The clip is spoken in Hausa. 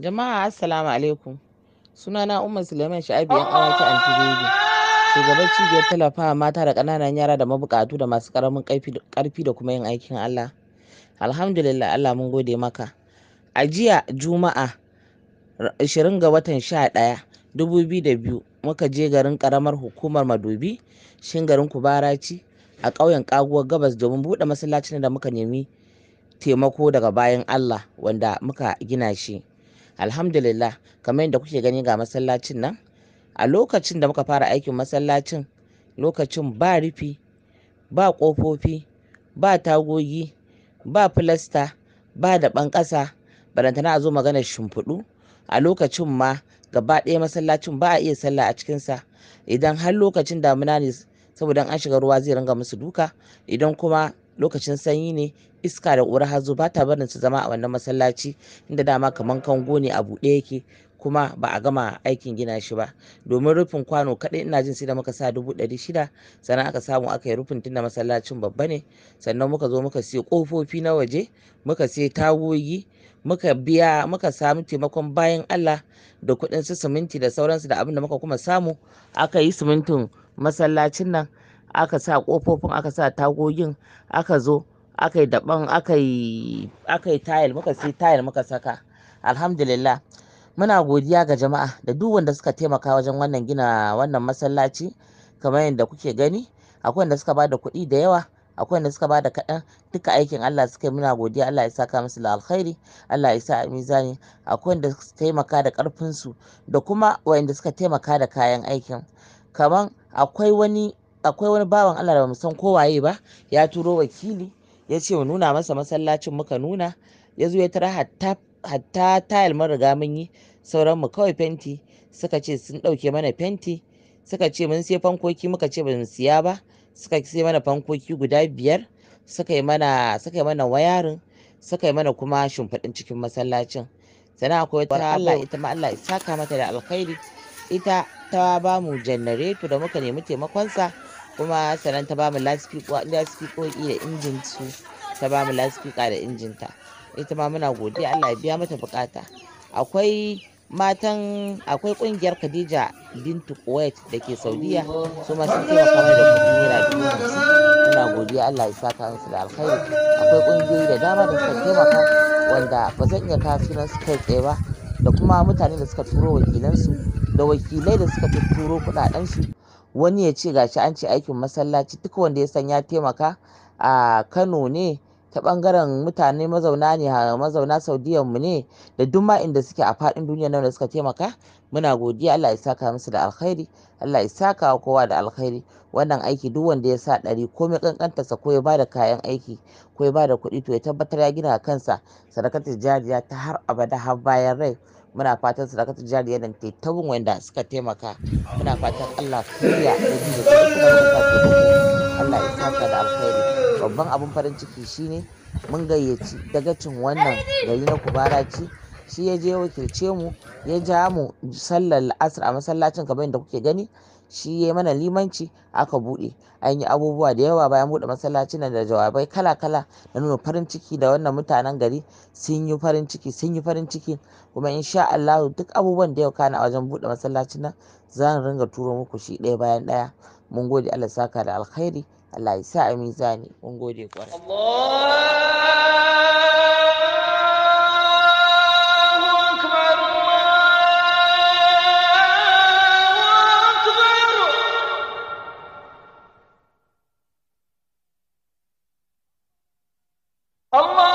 jama'a assalamu alaikum sunana umar suleiman yan awaki antibebe shugaban cibiyar tallafawa mata da ƙananan yara da mabukatu da masu ƙaramin ƙarfi da kuma yin aikin allah alhamdulillah allah mun gode maka a jiya juma'a 20 ga watan 11 2002 muka je garin karamar hukumar madobi shin garin kubaraci a ƙauyen kaguwar gabas domin buɗe masallacin da muka nemi taimako daga bayan allah wanda muka gina shi alhamdulillah kamar yadda kuke gani ga masallacin nan a lokacin da muka fara aikin masallacin lokacin ba rufi ba ƙofofi ba tagogi ba filasta ba daɓen ƙasa barantana a zo maganar shimfiɗu a lokacin ma gaba ɗaya masallacin ba a iya sallah a cikinsa idan har lokacin damuna ne saboda an shiga ruwa zai ringa musu duka idan kuma lokacin sanyi ne iska da ƙura hazo ba ta barin su zama a wannan masallaci inda dama kaman kango ne a buɗe yake kuma ba a gama aikin gina shi ba domin rufin kwano kaɗai ina jin sai da muka sa dubu ɗari shida sannan aka samu aka yi rufin tunda masallacin babba ne sannan muka zo muka siya ƙofofi na waje muka siya tagogi muka biya muka samu taimakon bayan Allah da kuɗin su siminti da sauransu da abin da muka kuma samu aka yi simintin masallacin nan aka sa ƙofofin aka sa tagogin aka zo aka yi daban aka yi tayil muka sai tayil muka saka alhamdulillah muna godiya ga jama'a da duk wanda suka taimaka wajen wannan gina wannan masallaci kamar yadda kuke gani akwai wanda suka ba da kuɗi da yawa akwai da suka ba da kaɗan duka aikin Allah suka yi muna godiya Allah ya saka musu da alkhairi Allah ya sa a mizani akwai da suka taimaka da ƙarfinsu, da kuma wanda suka taimaka da kayan aikin kaman akwai wani akwai wani bawan Allah da bamu san waye ba ya turo wakili ya ce mu nuna masa masallacin muka nuna ya zo ya tara hatta hatta tayal mun riga mun yi sauran mu kawai fenti suka ce sun ɗauke mana fenti suka ce mun sai fankoki muka ce ba mu siya ba suka sai mana fankoki guda biyar suka yi mana suka yi mana wayarin suka yi mana kuma shimfiɗin cikin masallacin sannan akwai wata Allah ita ma Allah ya saka mata da alkhairi ita ta ba mu janareto da muka nemi taimakonsa kuma sannan ta ba mu lasfiko da injin su ta ba mu lasifika da injinta ita ma muna godiya Allah ya biya mata bukata akwai matan akwai kungiyar khadija bintu kuwait da ke saudiya su ma sun taimaka mai da kudi naira dubu hamsin muna godiya allah ya saka hansu da alkhairi akwai kungiyoyi da dama da suka taimaka wanda ba zan iya kawo sunan su kai tsaye ba da kuma mutane da suka turo wakilansu da wakilai da suka turo kudaden wani ya ce gashi an ce aikin masallaci duk wanda ya san ya taimaka a kano ne ta bangaren mutane mazauna ne mazauna saudiyan mu ne da duk ma inda suke a faɗin duniya nan da suka taimaka muna godiya Allah ya saka musu da alkhairi Allah ya saka wa kowa da alkhairi wannan aiki duk wanda ya sa ɗari ko mai sa ko ya bada kayan aiki ko ya bada kuɗi to ya tabbatar ya gina kansa sadakar tijariya ta har abada har bayan rai muna fatan sadakar tijariya nan ta tabin wanda suka taimaka muna fatan Allah ya kiyaye da kuma Allah ya saka da alkhairi babban abin farin ciki ne. mun gayyaci dagacin wannan gari na kubaraci shi ya je wakilce mu ya ja mu sallar la'asar a masallacin kamar yadda kuke gani shi ya mana limanci aka buɗe an yi abubuwa da yawa bayan buɗe masallacin da jawabai kala-kala da nuna farin ciki da wannan mutanen gari sun yi farin ciki sun yi farin ciki kuma insha Allah duk abubuwan da yau kana wajen buɗe masallacin nan za ringa turo muku shi ɗaya bayan ɗaya mun gode Allah saka da alkhairi Allah ya sa a mizani mun gode kwarai Allah